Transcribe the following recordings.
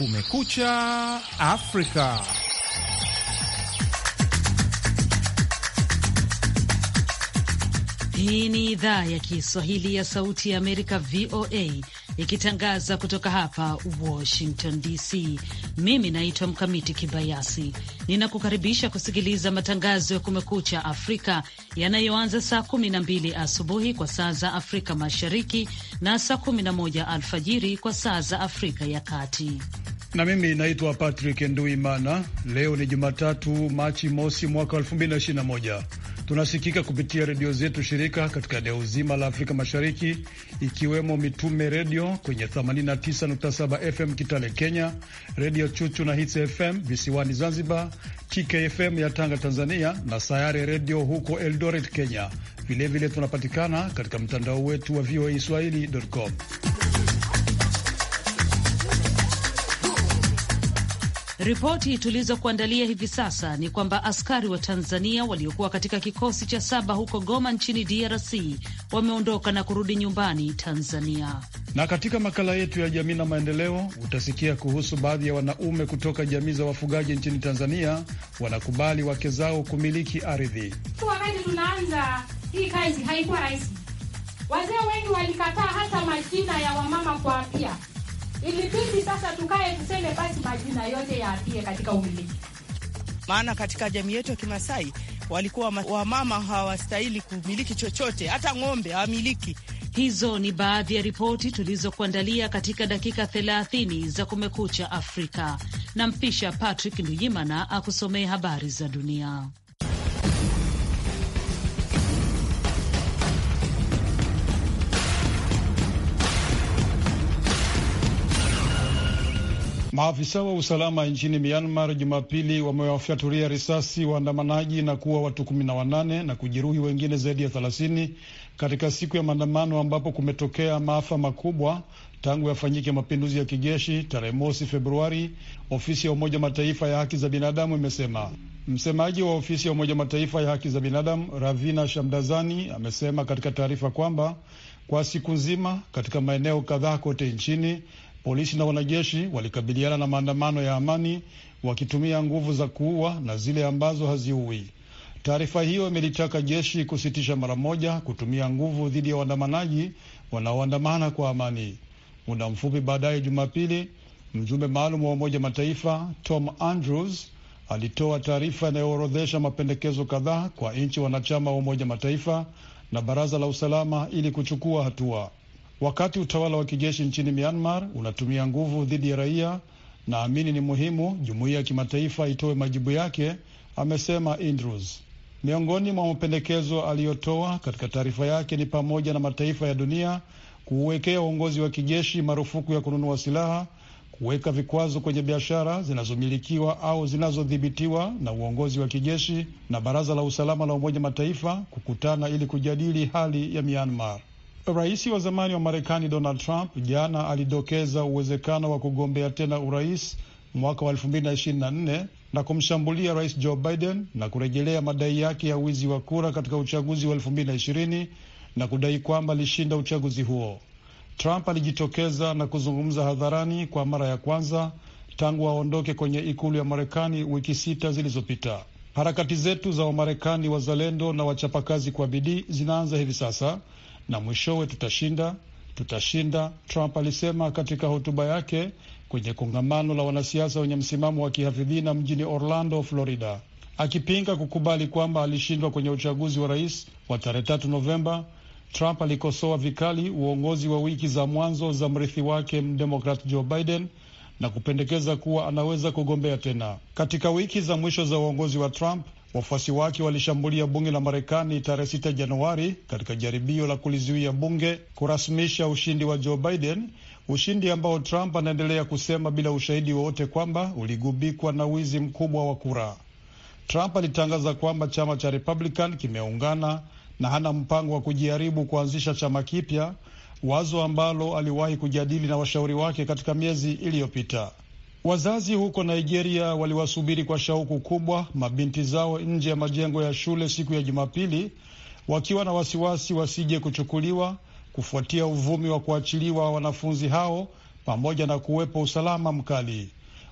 Kumekucha Afrika. Hii ni idhaa ya Kiswahili ya Sauti ya Amerika, VOA, ikitangaza kutoka hapa Washington DC. Mimi naitwa Mkamiti Kibayasi, ninakukaribisha kusikiliza matangazo ya Kumekucha Afrika yanayoanza saa 12 asubuhi kwa saa za Afrika Mashariki na saa 11 alfajiri kwa saa za Afrika ya Kati na mimi naitwa Patrick Nduimana. Leo ni Jumatatu, Machi mosi mwaka 2021. Tunasikika kupitia redio zetu shirika katika eneo zima la Afrika Mashariki, ikiwemo Mitume Redio kwenye 89.7 FM Kitale Kenya, Redio Chuchu na Hits FM visiwani Zanzibar, TKFM ya Tanga Tanzania, na Sayare Redio huko Eldoret Kenya. Vilevile tunapatikana katika mtandao wetu wa VOA swahili.com. Ripoti tulizokuandalia hivi sasa ni kwamba askari wa Tanzania waliokuwa katika kikosi cha saba huko Goma nchini DRC wameondoka na kurudi nyumbani Tanzania. Na katika makala yetu ya jamii na maendeleo utasikia kuhusu baadhi ya wanaume kutoka jamii za wafugaji nchini Tanzania wanakubali wake zao kumiliki ardhi. Wakati tunaanza hii kazi haikuwa rahisi, wazee wengi walikataa hata majina ya wamama kuapia Ilibidi sasa tukae tuseme basi majina yote yaapie katika umiliki, maana katika jamii yetu ya Kimasai walikuwa wamama hawastahili kumiliki chochote, hata ng'ombe hawamiliki. Hizo ni baadhi ya ripoti tulizokuandalia katika dakika 30 za Kumekucha Afrika. Nampisha Patrick Nduyimana akusomee habari za dunia. Maafisa wa usalama nchini Myanmar Jumapili wamewafyatulia risasi waandamanaji na kuwa watu kumi na wanane na kujeruhi wengine zaidi ya thelathini katika siku ya maandamano ambapo kumetokea maafa makubwa tangu yafanyike mapinduzi ya kijeshi tarehe mosi Februari, ofisi ya Umoja Mataifa ya haki za binadamu imesema. Msemaji wa ofisi ya Umoja Mataifa ya haki za binadamu Ravina Shamdazani amesema katika taarifa kwamba kwa siku nzima katika maeneo kadhaa kote nchini Polisi na wanajeshi walikabiliana na maandamano ya amani wakitumia nguvu za kuua na zile ambazo haziui. Taarifa hiyo imelitaka jeshi kusitisha mara moja kutumia nguvu dhidi ya waandamanaji wanaoandamana kwa amani. Muda mfupi baadaye Jumapili, mjumbe maalum wa Umoja Mataifa Tom Andrews alitoa taarifa inayoorodhesha mapendekezo kadhaa kwa nchi wanachama wa Umoja Mataifa na Baraza la Usalama ili kuchukua hatua. Wakati utawala wa kijeshi nchini Myanmar unatumia nguvu dhidi ya raia, naamini ni muhimu jumuiya ya kimataifa itoe majibu yake, amesema Andrews. Miongoni mwa mapendekezo aliyotoa katika taarifa yake ni pamoja na mataifa ya dunia kuuwekea uongozi wa kijeshi marufuku ya kununua silaha, kuweka vikwazo kwenye biashara zinazomilikiwa au zinazodhibitiwa na uongozi wa kijeshi, na baraza la usalama la Umoja Mataifa kukutana ili kujadili hali ya Myanmar. Rais wa zamani wa Marekani Donald Trump jana alidokeza uwezekano wa kugombea tena urais mwaka wa 2024 na kumshambulia rais Joe Biden na kurejelea madai yake ya wizi wa kura katika uchaguzi wa 2020 na kudai kwamba alishinda uchaguzi huo. Trump alijitokeza na kuzungumza hadharani kwa mara ya kwanza tangu aondoke kwenye ikulu ya Marekani wiki sita zilizopita. Harakati zetu za Wamarekani wazalendo na wachapakazi kwa bidii zinaanza hivi sasa na mwishowe tutashinda, tutashinda, Trump alisema katika hotuba yake kwenye kongamano la wanasiasa wenye msimamo wa kihafidhina mjini Orlando, Florida, akipinga kukubali kwamba alishindwa kwenye uchaguzi wa rais wa tarehe tatu Novemba. Trump alikosoa vikali uongozi wa wiki za mwanzo za mrithi wake mdemokrat Joe Biden na kupendekeza kuwa anaweza kugombea tena. Katika wiki za mwisho za uongozi wa Trump, Wafuasi wake walishambulia bunge la Marekani tarehe 6 Januari katika jaribio la kulizuia bunge kurasmisha ushindi wa Joe Biden, ushindi ambao Trump anaendelea kusema bila ushahidi wowote kwamba uligubikwa na wizi mkubwa wa kura. Trump alitangaza kwamba chama cha Republican kimeungana na hana mpango wa kujaribu kuanzisha chama kipya, wazo ambalo aliwahi kujadili na washauri wake katika miezi iliyopita. Wazazi huko Nigeria waliwasubiri kwa shauku kubwa mabinti zao nje ya majengo ya shule siku ya Jumapili wakiwa na wasiwasi wasije kuchukuliwa kufuatia uvumi wa kuachiliwa wanafunzi hao pamoja na kuwepo usalama mkali.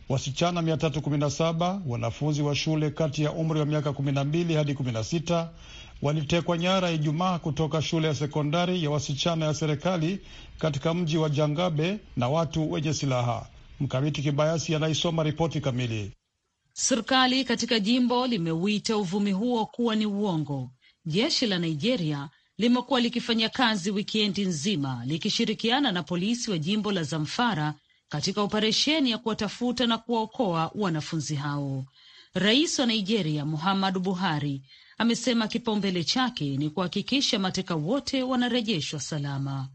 Wasichana 317 wanafunzi wa shule kati ya umri wa miaka 12 hadi 16 walitekwa nyara Ijumaa kutoka shule ya sekondari ya wasichana ya serikali katika mji wa Jangabe na watu wenye silaha. Mkamiti Kibayasi anaisoma ripoti kamili. Serikali katika jimbo limeuita uvumi huo kuwa ni uongo. Jeshi la Nigeria limekuwa likifanya kazi wikendi nzima likishirikiana na polisi wa jimbo la Zamfara katika operesheni ya kuwatafuta na kuwaokoa wanafunzi hao. Rais wa Nigeria Muhammadu Buhari amesema kipaumbele chake ni kuhakikisha mateka wote wanarejeshwa salama.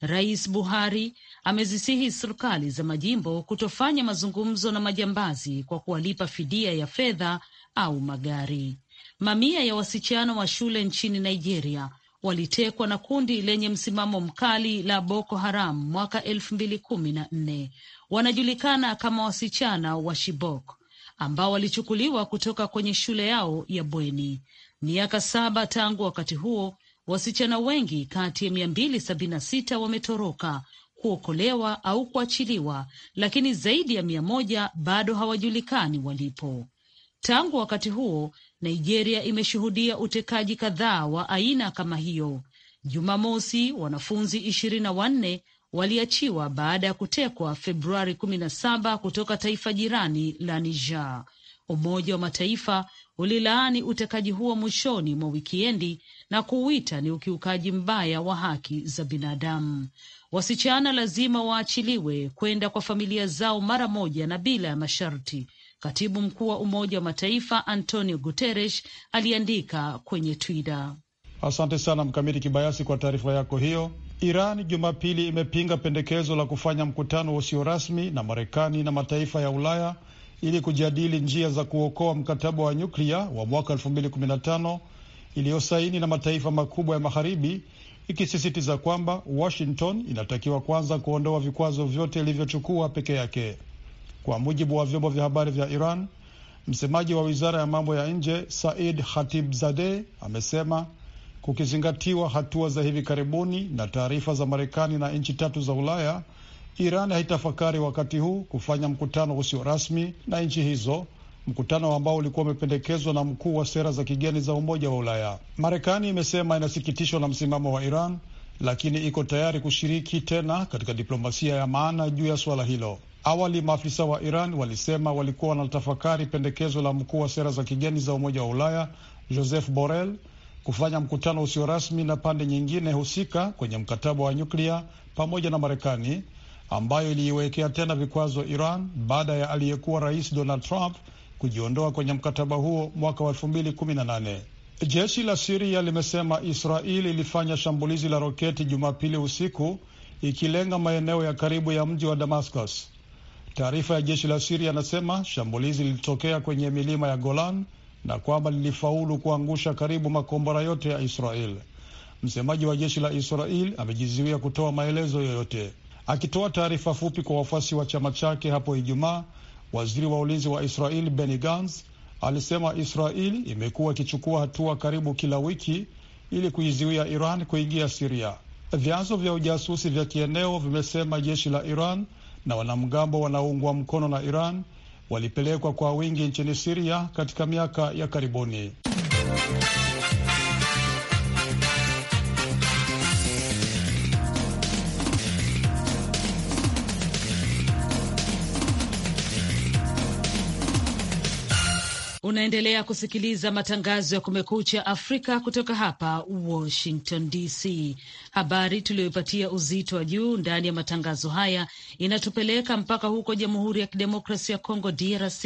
Rais Buhari amezisihi serikali za majimbo kutofanya mazungumzo na majambazi kwa kuwalipa fidia ya fedha au magari. Mamia ya wasichana wa shule nchini Nigeria walitekwa na kundi lenye msimamo mkali la Boko Haram mwaka elfu mbili kumi na nne. Wanajulikana kama wasichana wa Shibok ambao walichukuliwa kutoka kwenye shule yao ya bweni. Miaka saba tangu wakati huo, wasichana wengi kati ya mia mbili sabini na sita wametoroka kuokolewa au kuachiliwa, lakini zaidi ya mia moja bado hawajulikani walipo. Tangu wakati huo, Nigeria imeshuhudia utekaji kadhaa wa aina kama hiyo. Jumamosi, wanafunzi ishirini na wanne waliachiwa baada ya kutekwa Februari 17 kutoka taifa jirani la Niger. Umoja wa Mataifa ulilaani utekaji huo mwishoni mwa wikiendi na kuuita ni ukiukaji mbaya wa haki za binadamu. Wasichana lazima waachiliwe kwenda kwa familia zao mara moja na bila ya masharti, katibu mkuu wa Umoja wa Mataifa Antonio Guterres aliandika kwenye Twitter. Asante sana Mkamiti Kibayasi kwa taarifa yako hiyo. Iran Jumapili imepinga pendekezo la kufanya mkutano usio rasmi na Marekani na mataifa ya Ulaya ili kujadili njia za kuokoa mkataba wa nyuklia wa mwaka 2015 iliyosaini na mataifa makubwa ya magharibi ikisisitiza kwamba Washington inatakiwa kwanza kuondoa vikwazo vyote ilivyochukua peke yake. Kwa mujibu wa vyombo vya habari vya Iran, msemaji wa wizara ya mambo ya nje Said Khatibzadeh amesema kukizingatiwa hatua za hivi karibuni na taarifa za Marekani na nchi tatu za Ulaya, Iran haitafakari wakati huu kufanya mkutano usio rasmi na nchi hizo mkutano ambao ulikuwa umependekezwa na mkuu wa sera za kigeni za Umoja wa Ulaya. Marekani imesema inasikitishwa na msimamo wa Iran, lakini iko tayari kushiriki tena katika diplomasia ya maana juu ya suala hilo. Awali maafisa wa Iran walisema walikuwa wanatafakari pendekezo la mkuu wa sera za kigeni za Umoja wa Ulaya Joseph Borrell kufanya mkutano usio rasmi na pande nyingine husika kwenye mkataba wa nyuklia pamoja na Marekani ambayo iliiwekea tena vikwazo Iran baada ya aliyekuwa rais Donald Trump kujiondoa kwenye mkataba huo mwaka wa elfu Jeshi la Siria limesema Israel ilifanya shambulizi la roketi Jumapili usiku ikilenga maeneo ya karibu ya mji wa Damascus. Taarifa ya jeshi la Siria inasema shambulizi lilitokea kwenye milima ya Golan na kwamba lilifaulu kuangusha karibu makombora yote ya Israel. Msemaji wa jeshi la Israel amejizuia kutoa maelezo yoyote. Akitoa taarifa fupi kwa wafuasi wa chama chake hapo Ijumaa, Waziri wa ulinzi wa Israel Benny Gantz alisema Israel imekuwa ikichukua hatua karibu kila wiki ili kuizuia Iran kuingia Siria. Vyanzo vya ujasusi vya kieneo vimesema jeshi la Iran na wanamgambo wanaoungwa mkono na Iran walipelekwa kwa wingi nchini Siria katika miaka ya karibuni. Unaendelea kusikiliza matangazo ya Kumekucha Afrika kutoka hapa Washington DC. Habari tuliyoipatia uzito wa juu ndani ya matangazo haya inatupeleka mpaka huko Jamhuri ya Kidemokrasia ya Kongo, DRC,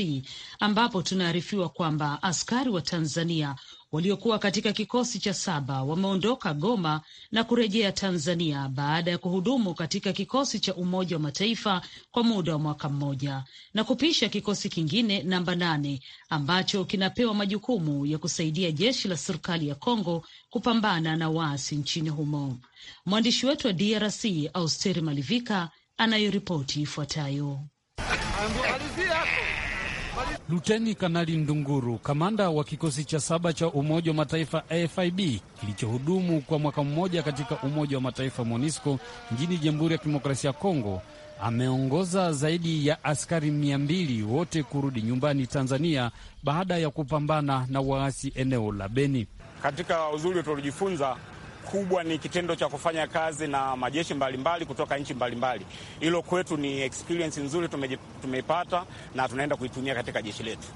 ambapo tunaarifiwa kwamba askari wa Tanzania waliokuwa katika kikosi cha saba wameondoka Goma na kurejea Tanzania baada ya kuhudumu katika kikosi cha Umoja wa Mataifa kwa muda wa mwaka mmoja na kupisha kikosi kingine namba nane ambacho kinapewa majukumu ya kusaidia jeshi la serikali ya Kongo kupambana na waasi nchini humo. Mwandishi wetu wa DRC Austeri Malivika anayoripoti ifuatayo. Luteni Kanali Ndunguru, kamanda wa kikosi cha saba cha Umoja wa Mataifa AFIB kilichohudumu kwa mwaka mmoja katika Umoja wa Mataifa MONUSCO nchini Jamhuri ya Kidemokrasia ya Kongo, ameongoza zaidi ya askari mia mbili wote kurudi nyumbani Tanzania baada ya kupambana na waasi eneo la Beni. Katika uzuri tulijifunza kubwa ni kitendo cha kufanya kazi na majeshi mbalimbali kutoka nchi mbalimbali. Hilo kwetu ni experience nzuri tumeipata, na tunaenda kuitumia katika jeshi letu,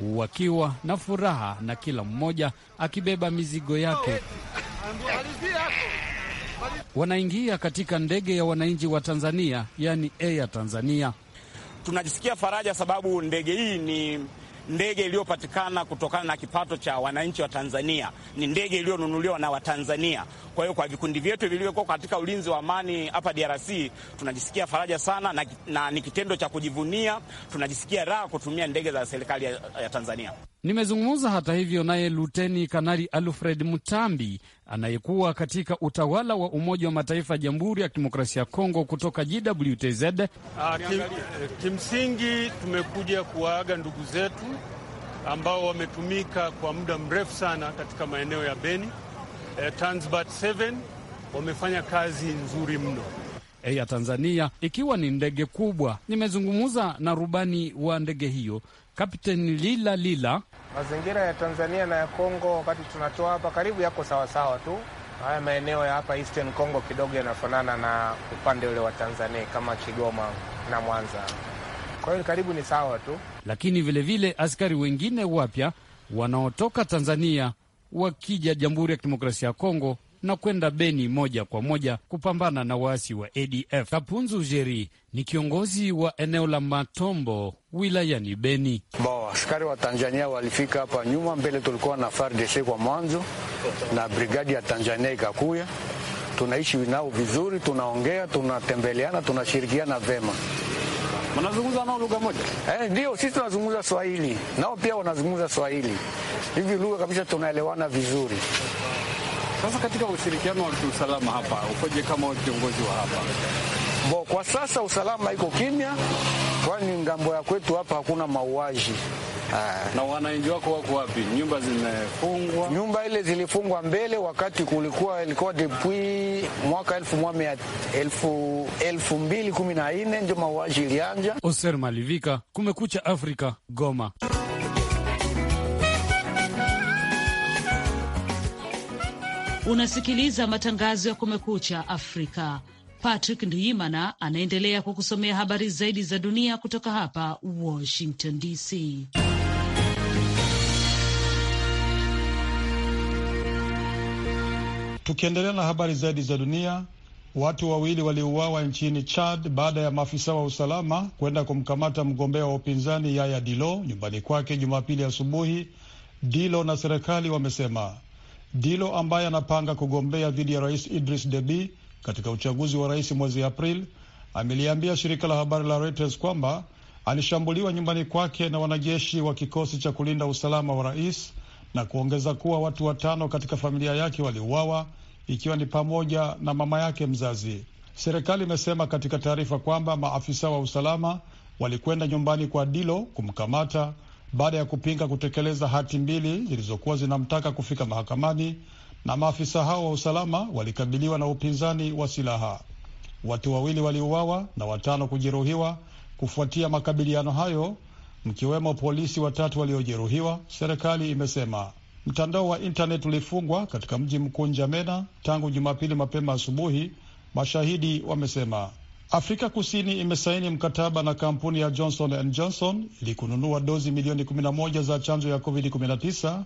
wakiwa na furaha na kila mmoja akibeba mizigo yake wanaingia katika ndege ya wananchi wa Tanzania, yani Air Tanzania. Tunajisikia faraja sababu ndege hii ni ndege iliyopatikana kutokana na kipato cha wananchi wa Tanzania ni ndege iliyonunuliwa na Watanzania. Kwa hiyo kwa vikundi vyetu vilivyokuwa katika ulinzi wa amani hapa DRC tunajisikia faraja sana na, na ni kitendo cha kujivunia. Tunajisikia raha kutumia ndege za serikali ya, ya Tanzania. Nimezungumza hata hivyo naye Luteni Kanali Alfred Mutambi anayekuwa katika utawala wa Umoja wa Mataifa ya Jamhuri ya Kidemokrasia ya Kongo kutoka JWTZ. Ah, kim, eh, kimsingi tumekuja kuwaaga ndugu zetu ambao wametumika kwa muda mrefu sana katika maeneo ya Beni. E, Tanzbat 7 wamefanya kazi nzuri mno eh, ya Tanzania ikiwa ni ndege kubwa. Nimezungumza na rubani wa ndege hiyo Kapteni Lila Lila Mazingira ya Tanzania na ya Kongo wakati tunatoa hapa karibu yako sawasawa tu. Haya maeneo ya hapa Eastern Congo kidogo yanafanana na upande ule wa Tanzania kama Kigoma na Mwanza, kwa hiyo karibu ni sawa tu. Lakini vilevile vile askari wengine wapya wanaotoka Tanzania wakija Jamhuri ya Kidemokrasia ya Kongo na kwenda Beni moja kwa moja kupambana na waasi wa ADF. Kapunzu Jeri ni kiongozi wa eneo la Matombo wilayani Beni. Bo, askari wa Tanzania walifika hapa nyuma, mbele tulikuwa na FARDC kwa mwanzo na brigadi ya Tanzania ikakuya tunaishi nao vizuri, tunaongea, tunatembeleana, tunashirikiana vema. Mnazungumza nao lugha moja? Eh, ndio, sisi tunazungumza Swahili, nao pia wanazungumza Swahili, hivi lugha kabisa, tunaelewana vizuri. Sasa katika ushirikiano wa kiusalama hapa ukoje kama kiongozi wa hapa? Bo, kwa sasa usalama iko kimya, kwani ngambo ya kwetu hapa hakuna mauaji. Ah. Na wananchi wako wako wapi? Nyumba zimefungwa? Nyumba ile zilifungwa mbele wakati kulikuwa ilikuwa depuis mwaka elfu moja elfu mbili kumi na nne ndio mauaji ilianja. Oser Malivika, Kumekucha Afrika, Goma. Unasikiliza matangazo ya Kumekucha Afrika. Patrick Nduimana anaendelea kukusomea habari zaidi za dunia kutoka hapa Washington DC. Tukiendelea na habari zaidi za dunia, watu wawili waliuawa nchini Chad baada ya maafisa wa usalama kwenda kumkamata mgombea wa upinzani Yaya Dilo nyumbani kwake Jumapili asubuhi. Dilo na serikali wamesema Dilo ambaye anapanga kugombea dhidi ya rais Idris Deby katika uchaguzi wa rais mwezi april ameliambia shirika la habari la Reuters kwamba alishambuliwa nyumbani kwake na wanajeshi wa kikosi cha kulinda usalama wa rais na kuongeza kuwa watu watano katika familia yake waliuawa ikiwa ni pamoja na mama yake mzazi. Serikali imesema katika taarifa kwamba maafisa wa usalama walikwenda nyumbani kwa Dilo kumkamata baada ya kupinga kutekeleza hati mbili zilizokuwa zinamtaka kufika mahakamani, na maafisa hao wa usalama walikabiliwa na upinzani wa silaha. Watu wawili waliuawa na watano kujeruhiwa kufuatia makabiliano hayo, mkiwemo polisi watatu waliojeruhiwa, serikali imesema. Mtandao wa intaneti ulifungwa katika mji mkuu Njamena tangu Jumapili mapema asubuhi, mashahidi wamesema. Afrika Kusini imesaini mkataba na kampuni ya Johnson and Johnson ili kununua dozi milioni 11 za chanjo ya COVID-19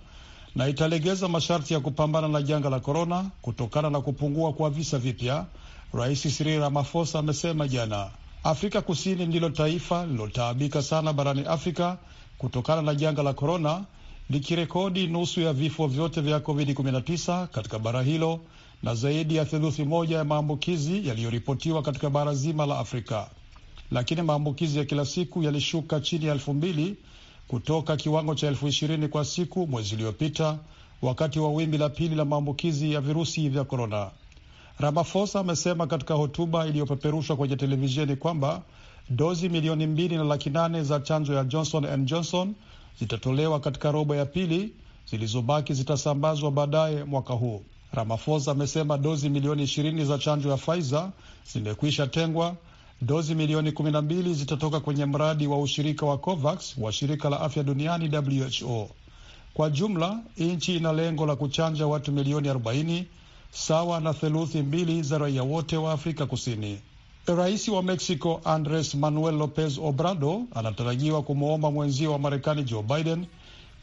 na italegeza masharti ya kupambana na janga la korona kutokana na kupungua kwa visa vipya. Rais Cyril Ramaphosa amesema jana. Afrika Kusini ndilo taifa lilotaabika sana barani Afrika kutokana na janga la korona, likirekodi nusu ya vifo vyote vya COVID-19 katika bara hilo na zaidi ya theluthi moja ya maambukizi yaliyoripotiwa katika bara zima la Afrika, lakini maambukizi ya kila siku yalishuka chini ya elfu mbili kutoka kiwango cha elfu ishirini kwa siku mwezi uliopita wakati wa wimbi la pili la maambukizi ya virusi vya korona. ramafosa amesema katika hotuba iliyopeperushwa kwenye televisheni kwamba dozi milioni mbili na laki nane za chanjo ya Johnson and Johnson zitatolewa katika robo ya pili, zilizobaki zitasambazwa baadaye mwaka huu. Ramafosa amesema dozi milioni ishirini za chanjo ya Pfizer zimekwisha tengwa. Dozi milioni kumi na mbili zitatoka kwenye mradi wa ushirika wa COVAX wa shirika la afya duniani WHO. Kwa jumla, nchi ina lengo la kuchanja watu milioni 40 sawa na theluthi mbili za raia wote wa Afrika Kusini. Rais wa Mexico Andres Manuel Lopez Obrador anatarajiwa kumwomba mwenzio wa Marekani Joe Biden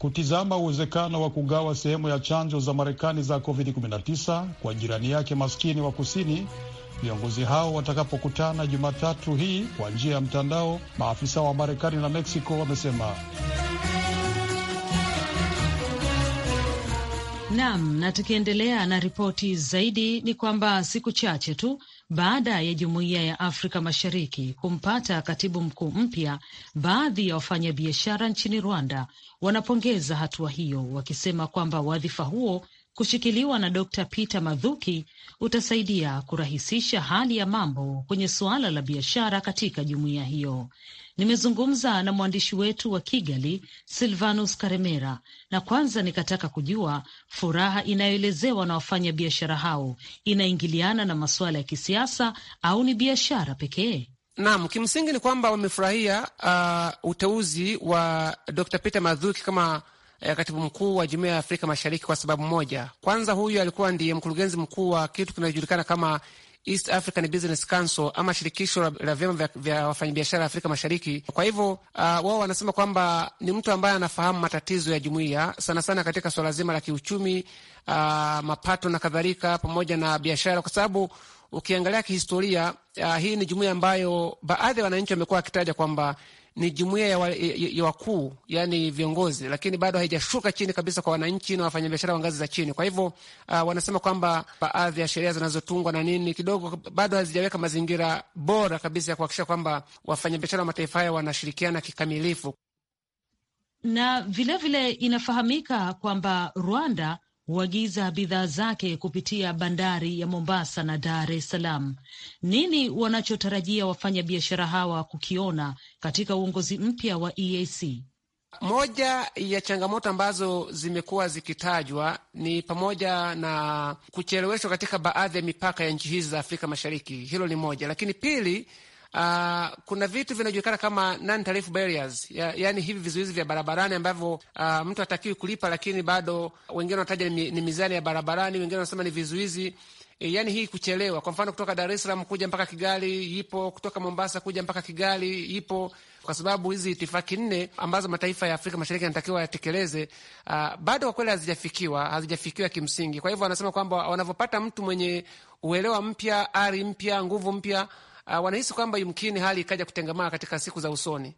kutizama uwezekano wa kugawa sehemu ya chanjo za Marekani za COVID-19 kwa jirani yake maskini wa kusini viongozi hao watakapokutana Jumatatu hii kwa njia ya mtandao, maafisa wa Marekani na Meksiko wamesema. Nam, na tukiendelea na ripoti zaidi ni kwamba siku chache tu baada ya Jumuiya ya Afrika Mashariki kumpata katibu mkuu mpya, baadhi ya wafanyabiashara nchini Rwanda wanapongeza hatua hiyo, wakisema kwamba wadhifa huo kushikiliwa na Dr. Peter madhuki utasaidia kurahisisha hali ya mambo kwenye suala la biashara katika jumuiya hiyo. Nimezungumza na mwandishi wetu wa Kigali, Silvanus Karemera, na kwanza nikataka kujua furaha inayoelezewa na wafanya biashara hao inaingiliana na masuala ya kisiasa au ni biashara pekee? Naam, kimsingi ni kwamba wamefurahia uh, uteuzi wa Dr. Peter madhuki kama Eh, katibu mkuu wa jumuiya ya Afrika Mashariki kwa sababu moja. Kwanza, huyu alikuwa ndiye mkurugenzi mkuu wa kitu kinachojulikana kama East African Business Council ama shirikisho la vyama vya, vya wafanyabiashara Afrika Mashariki. Kwa hivyo uh, wao wanasema kwamba ni mtu ambaye anafahamu matatizo ya jumuiya sana sana katika swala zima la kiuchumi, uh, mapato na kadhalika, pamoja na biashara, kwa sababu ukiangalia kihistoria, uh, hii ni jumuiya ambayo baadhi ya wananchi wamekuwa wakitaja kwamba ni jumuiya ya, wa, ya, ya wakuu yani viongozi, lakini bado haijashuka chini kabisa kwa wananchi na wafanyabiashara wa ngazi za chini. Kwa hivyo uh, wanasema kwamba baadhi ya sheria zinazotungwa na nini kidogo bado hazijaweka mazingira bora kabisa ya kuhakikisha kwamba wafanyabiashara wa mataifa haya wanashirikiana kikamilifu. Na vilevile vile inafahamika kwamba Rwanda huagiza bidhaa zake kupitia bandari ya Mombasa na Dar es Salaam. Nini wanachotarajia wafanya biashara hawa kukiona katika uongozi mpya wa EAC? Moja ya changamoto ambazo zimekuwa zikitajwa ni pamoja na kucheleweshwa katika baadhi ya mipaka ya nchi hizi za Afrika Mashariki. Hilo ni moja, lakini pili uh, kuna vitu vinajulikana kama non tariff barriers ya, yani hivi vizuizi vya barabarani ambavyo uh, mtu hatakiwi kulipa, lakini bado wengine wanataja ni, ni mizani ya barabarani, wengine wanasema ni vizuizi yaani hii kuchelewa, kwa mfano kutoka Dar es Salaam kuja mpaka Kigali ipo, kutoka Mombasa kuja mpaka Kigali ipo, kwa sababu hizi itifaki nne ambazo mataifa ya Afrika Mashariki yanatakiwa yatekeleze, uh, bado kwa kweli hazijafikiwa, hazijafikiwa kimsingi. Kwa hivyo wanasema kwamba wanavyopata mtu mwenye uelewa mpya, ari mpya, nguvu mpya uh, wanahisi kwamba yumkini hali ikaja kutengemaa katika siku za usoni.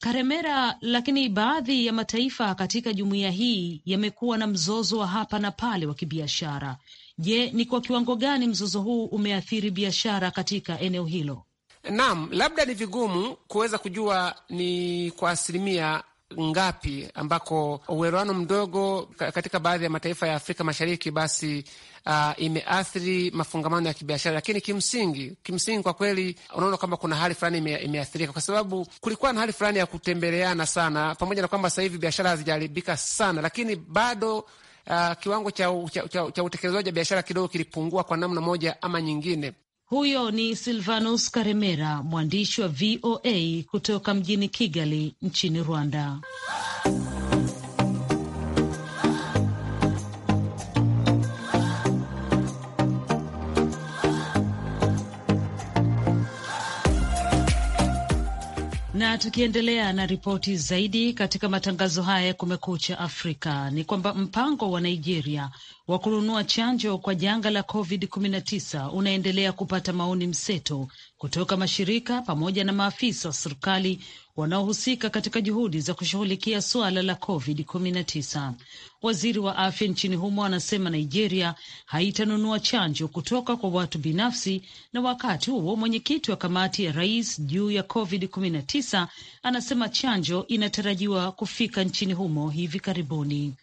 Karemera, lakini baadhi ya mataifa katika jumuiya hii yamekuwa na mzozo wa hapa na pale wa kibiashara. Je, ni kwa kiwango gani mzozo huu umeathiri biashara katika eneo hilo? Naam, labda ni vigumu kuweza kujua ni kwa asilimia ngapi ambako uelewano mdogo katika baadhi ya mataifa ya Afrika Mashariki basi uh, imeathiri mafungamano ya kibiashara, lakini kimsingi kimsingi kwa kweli unaona kwamba kuna hali fulani ime, imeathirika kwa sababu kulikuwa na hali fulani ya kutembeleana sana, pamoja na kwamba sasa hivi biashara hazijaharibika sana, lakini bado uh, kiwango cha, cha, cha, cha utekelezaji wa biashara kidogo kilipungua kwa namna moja ama nyingine. Huyo ni Silvanus Karemera, mwandishi wa VOA kutoka mjini Kigali nchini Rwanda. Na tukiendelea na ripoti zaidi katika matangazo haya ya Kumekucha Afrika ni kwamba mpango wa Nigeria wa kununua chanjo kwa janga la COVID-19 unaendelea kupata maoni mseto kutoka mashirika pamoja na maafisa wa serikali wanaohusika katika juhudi za kushughulikia suala la COVID-19. Waziri wa afya nchini humo anasema Nigeria haitanunua chanjo kutoka kwa watu binafsi. Na wakati huo mwenyekiti wa kamati ya rais juu ya COVID-19 anasema chanjo inatarajiwa kufika nchini humo hivi karibuni.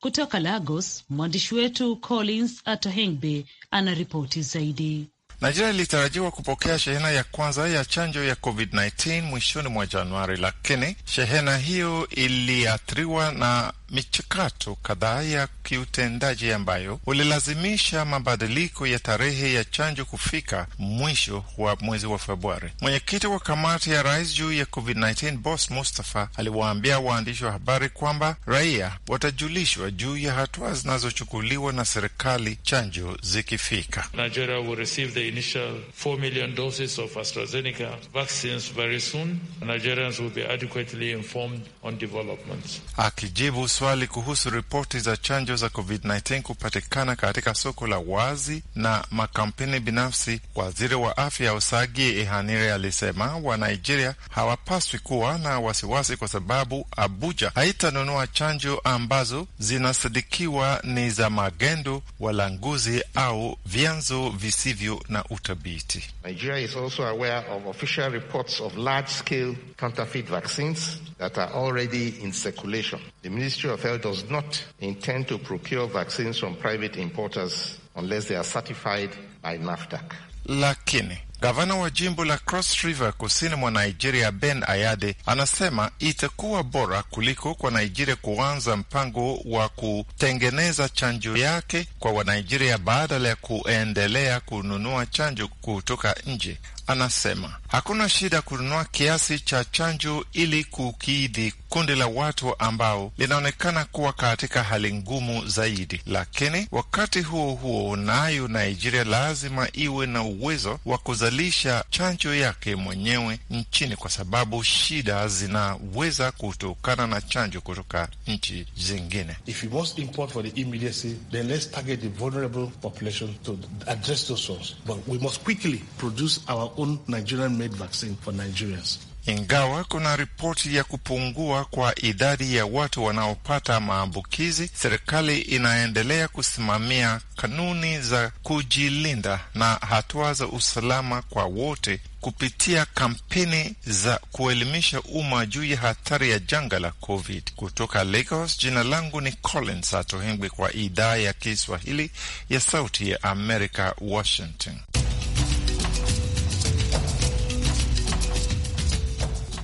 Kutoka Lagos, mwandishi wetu Collins Atohengbe ana ripoti zaidi. Nigeria ilitarajiwa kupokea shehena ya kwanza ya chanjo ya COVID-19 mwishoni mwa Januari, lakini shehena hiyo iliathiriwa na michakato kadhaa ya kiutendaji ambayo ulilazimisha mabadiliko ya tarehe ya chanjo kufika mwisho wa mwezi wa Februari. Mwenyekiti wa kamati ya rais juu ya COVID-19 Boss Mustafa aliwaambia waandishi wa habari kwamba raia watajulishwa juu ya hatua zinazochukuliwa na serikali chanjo zikifika. Nigeria will receive the initial 4 million doses of AstraZeneca vaccines very soon. Nigerians will be adequately informed on developments. Akijibu swali kuhusu ripoti za chanjo za COVID-19 kupatikana katika soko la wazi na makampeni binafsi, waziri wa afya Usagi Ehanire alisema wa Nigeria hawapaswi kuwa na wasiwasi kwa sababu Abuja haitanunua chanjo ambazo zinasadikiwa ni za magendo, walanguzi au vyanzo visivyo na utabiti. Nigeria is also aware of official reports of large scale counterfeit vaccines that are already in circulation. The ministry Ministry of Health does not intend to procure vaccines from private importers unless they are certified by NAFDAC. Lakini gavana wa jimbo la Cross River kusini mwa Nigeria, Ben Ayade, anasema itakuwa bora kuliko kwa Nigeria kuanza mpango wa kutengeneza chanjo yake kwa Wanigeria badala ya kuendelea kununua chanjo kutoka nje anasema hakuna shida kununua kiasi cha chanjo ili kukidhi kundi la watu ambao linaonekana kuwa katika hali ngumu zaidi, lakini wakati huo huo, nayo Nigeria lazima iwe na uwezo wa kuzalisha chanjo yake mwenyewe nchini, kwa sababu shida zinaweza kutokana na chanjo kutoka nchi zingine. If we must import for the immediacy, then let's target the vulnerable population to address those ones, but we must quickly produce our own Nigerian-made vaccine for Nigerians. Ingawa kuna ripoti ya kupungua kwa idadi ya watu wanaopata maambukizi, serikali inaendelea kusimamia kanuni za kujilinda na hatua za usalama kwa wote kupitia kampeni za kuelimisha umma juu ya hatari ya janga la COVID. Kutoka Lagos, jina langu ni Collins Atohengwi kwa idhaa ya Kiswahili ya Sauti ya Amerika, Washington.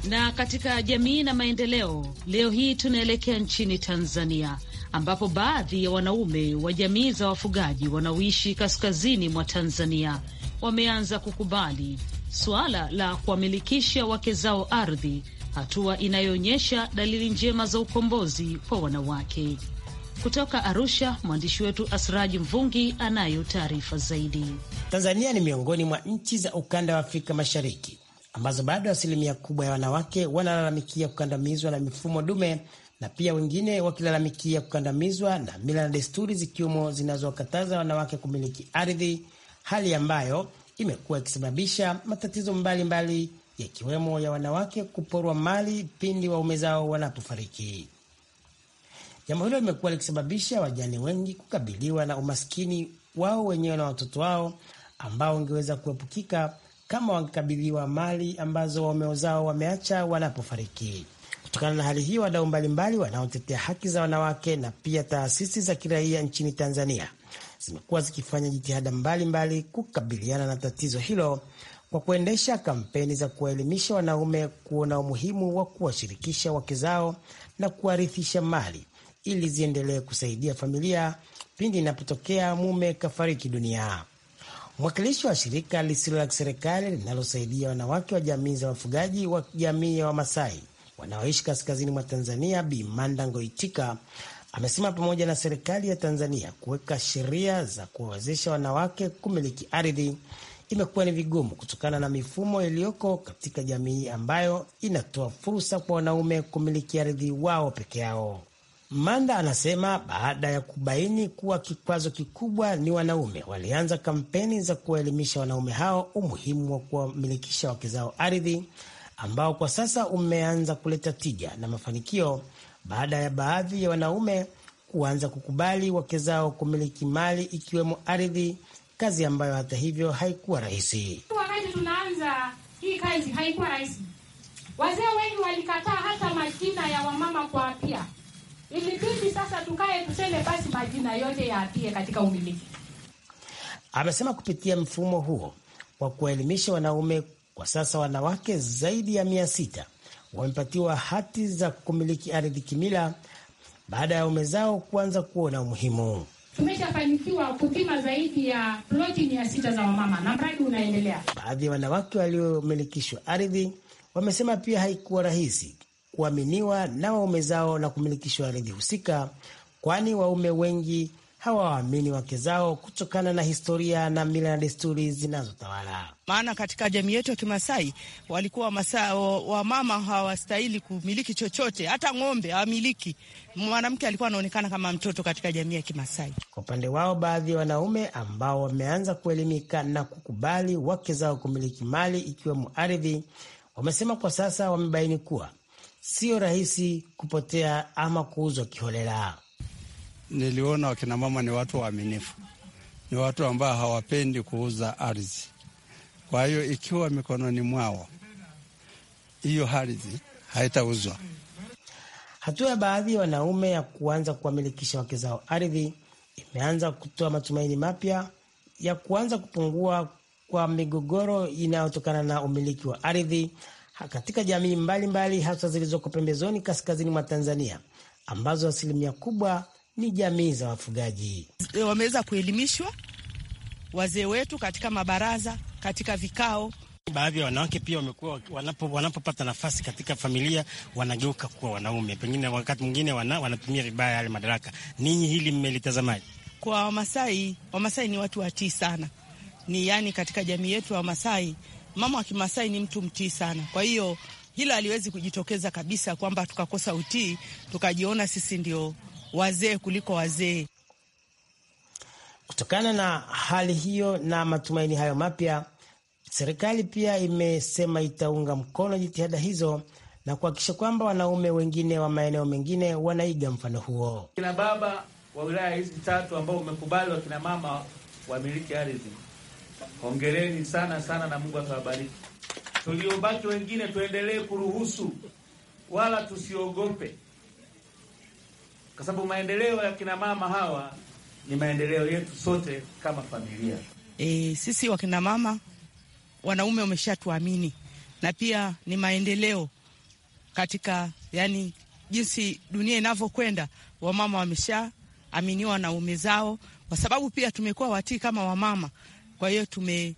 Na katika jamii na maendeleo, leo hii tunaelekea nchini Tanzania ambapo baadhi ya wanaume wa jamii za wafugaji wanaoishi kaskazini mwa Tanzania wameanza kukubali suala la kuwamilikisha wake zao ardhi, hatua inayoonyesha dalili njema za ukombozi kwa wanawake. Kutoka Arusha, mwandishi wetu Asraji Mvungi anayo taarifa zaidi. Tanzania ni miongoni mwa nchi za ukanda wa Afrika Mashariki ambazo bado asilimia kubwa ya wanawake wanalalamikia kukandamizwa na mifumo dume na pia wengine wakilalamikia kukandamizwa na mila na desturi zikiwemo zinazowakataza wanawake kumiliki ardhi, hali ambayo imekuwa ikisababisha matatizo mbalimbali yakiwemo ya wanawake kuporwa mali pindi waume zao wanapofariki. Jambo hilo limekuwa likisababisha wajane wengi kukabiliwa na umaskini wao wenyewe na watoto wao ambao wangeweza kuepukika kama wangekabidhiwa mali ambazo waume zao wameacha wanapofariki. Kutokana na hali hiyo, wadau mbalimbali wanaotetea haki za wanawake na pia taasisi za kiraia nchini Tanzania zimekuwa zikifanya jitihada mbalimbali kukabiliana na tatizo hilo kwa kuendesha kampeni za kuwaelimisha wanaume kuona umuhimu wa kuwashirikisha wake zao na kuwarithisha mali ili ziendelee kusaidia familia pindi inapotokea mume kafariki dunia. Mwakilishi wa shirika lisilo la kiserikali linalosaidia wanawake wa jamii za wafugaji wa jamii ya Wamasai wanaoishi kaskazini mwa Tanzania, Bi Manda Ngoitika amesema pamoja na serikali ya Tanzania kuweka sheria za kuwawezesha wanawake kumiliki ardhi imekuwa ni vigumu kutokana na mifumo iliyoko katika jamii ambayo inatoa fursa kwa wanaume kumiliki ardhi wao peke yao. Manda anasema baada ya kubaini kuwa kikwazo kikubwa ni wanaume, walianza kampeni za kuwaelimisha wanaume hao umuhimu wa kuwamilikisha wake zao ardhi, ambao kwa sasa umeanza kuleta tija na mafanikio baada ya baadhi ya wanaume kuanza kukubali wake zao kumiliki mali ikiwemo ardhi, kazi ambayo hata hivyo haikuwa rahisi. Wakati tunaanza hii kazi haikuwa rahisi, wazee wengi walikataa hata majina ya wamama kuapia Ilibidi sasa tukae tuseme basi majina yote yaapie katika umiliki. Amesema kupitia mfumo huo wa kuwaelimisha wanaume, kwa sasa wanawake zaidi ya mia sita wamepatiwa hati za kumiliki ardhi kimila baada ya ume zao kuanza kuona umuhimu. Tumeshafanikiwa kupima zaidi ya ploti mia sita za wamama na mradi unaendelea. Baadhi ya wanawake waliomilikishwa ardhi wamesema pia haikuwa rahisi kuaminiwa na waume zao na kumilikishwa ardhi husika, kwani waume wengi hawawaamini wake zao kutokana na historia na mila na desturi zinazotawala. Maana katika jamii yetu ya Kimasai walikuwa Masa, wamama hawastahili kumiliki chochote, hata ng'ombe hawamiliki. Mwanamke alikuwa anaonekana kama mtoto katika jamii ya Kimasai. Kwa upande wao, baadhi ya wanaume ambao wameanza kuelimika na kukubali wake zao kumiliki mali ikiwemo ardhi, wamesema kwa sasa wamebaini kuwa sio rahisi kupotea ama kuuzwa kiholela. Niliona wakinamama ni watu waaminifu, ni watu ambao hawapendi kuuza ardhi. Kwa hiyo ikiwa mikononi mwao hiyo ardhi haitauzwa. Hatua ya baadhi ya wanaume ya kuanza kuwamilikisha wake zao ardhi imeanza kutoa matumaini mapya ya kuanza kupungua kwa migogoro inayotokana na umiliki wa ardhi katika jamii mbalimbali hasa zilizoko pembezoni kaskazini mwa Tanzania ambazo asilimia kubwa ni jamii za wafugaji. Wameweza kuelimishwa wazee wetu katika mabaraza, katika vikao. Baadhi ya wanawake pia wamekuwa wanapopata wanapo nafasi katika familia wanageuka kuwa wanaume, pengine wakati mwingine wana, wanatumia vibaya yale madaraka. Ninyi hili mmelitazamaje? Kwa Wamasai, Wamasai ni watu watii sana, ni yani katika jamii yetu ya Wamasai mama wa Kimasai ni mtu mtii sana, kwa hiyo hilo aliwezi kujitokeza kabisa kwamba tukakosa utii tukajiona sisi ndio wazee kuliko wazee. Kutokana na hali hiyo na matumaini hayo mapya, serikali pia imesema itaunga mkono jitihada hizo na kuhakikisha kwamba wanaume wengine wa maeneo mengine wanaiga mfano huo. Kina baba wa wilaya hizi tatu ambao umekubali wakinamama wamiliki ardhi Hongereni sana sana na Mungu atawabariki. Tuliobaki wengine tuendelee kuruhusu, wala tusiogope, kwa sababu maendeleo ya kina mama hawa ni maendeleo yetu sote kama familia. E, sisi wakina mama wanaume wameshatuamini na pia ni maendeleo katika yani jinsi dunia inavyokwenda, wamama wameshaaminiwa na ume zao, kwa sababu pia tumekuwa watii kama wamama kwa hiyo tume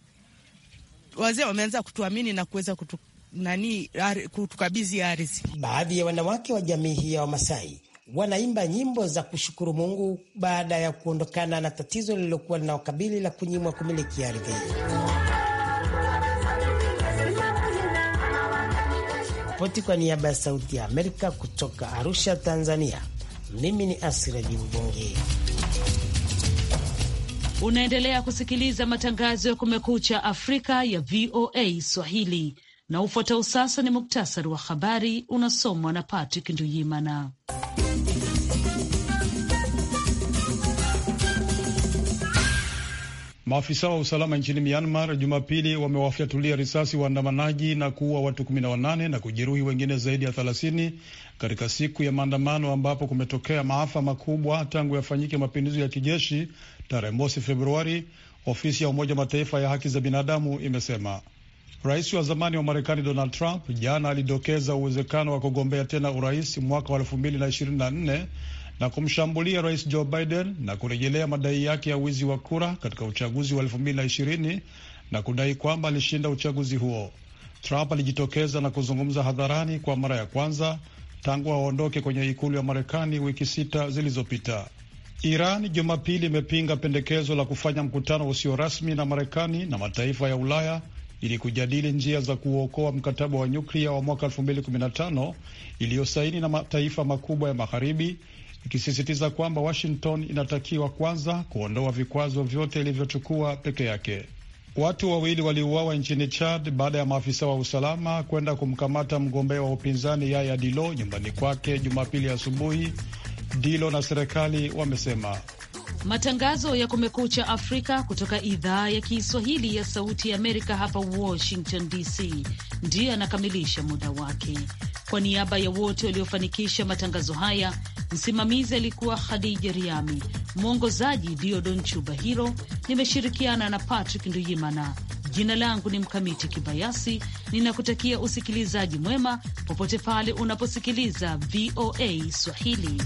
wazee wameanza kutuamini na kuweza kutu, nani kutukabidhi ardhi. Baadhi ya wanawake wa jamii hii ya Wamasai wanaimba nyimbo za kushukuru Mungu baada ya kuondokana na tatizo lililokuwa linawakabili la kunyimwa kumiliki ardhi. Ripoti kwa niaba ya Sauti ya Amerika kutoka Arusha, Tanzania. Mimi ni Asira Jimbungi. Unaendelea kusikiliza matangazo ya Kumekucha Afrika ya VOA Swahili na ufuatao sasa ni muktasari wa habari unasomwa na Patrick Nduyimana. Maafisa wa usalama nchini Myanmar Jumapili wamewafyatulia risasi waandamanaji na kuua watu 18 na kujeruhi wengine zaidi ya 30 katika siku ya maandamano ambapo kumetokea maafa makubwa tangu yafanyike mapinduzi ya kijeshi Tarehe mosi Februari, ofisi ya Umoja Mataifa ya haki za binadamu imesema. Rais wa zamani wa Marekani Donald Trump jana alidokeza uwezekano wa kugombea tena urais mwaka wa 2024 na kumshambulia rais Joe Biden na kurejelea madai yake ya wizi wa kura katika uchaguzi wa 2020 na kudai kwamba alishinda uchaguzi huo. Trump alijitokeza na kuzungumza hadharani kwa mara ya kwanza tangu aondoke kwenye ikulu ya Marekani wiki sita zilizopita. Iran Jumapili imepinga pendekezo la kufanya mkutano usio rasmi na Marekani na mataifa ya Ulaya ili kujadili njia za kuokoa mkataba wa nyuklia wa mwaka 2015 iliyosaini na mataifa makubwa ya Magharibi, ikisisitiza kwamba Washington inatakiwa kwanza kuondoa vikwazo vyote ilivyochukua peke yake. Watu wawili waliuawa nchini Chad baada ya maafisa wa usalama kwenda kumkamata mgombea wa upinzani Yaya Dilo nyumbani kwake Jumapili asubuhi, Dilo na serikali wamesema. Matangazo ya Kumekucha Afrika kutoka idhaa ya Kiswahili ya Sauti ya Amerika hapa Washington DC ndiyo yanakamilisha muda wake. Kwa niaba ya wote waliofanikisha matangazo haya, msimamizi alikuwa Khadija Riami, mwongozaji Diodon Chubahiro, nimeshirikiana na Patrick Nduyimana. Jina langu ni Mkamiti Kibayasi, ninakutakia usikilizaji mwema popote pale unaposikiliza VOA Swahili.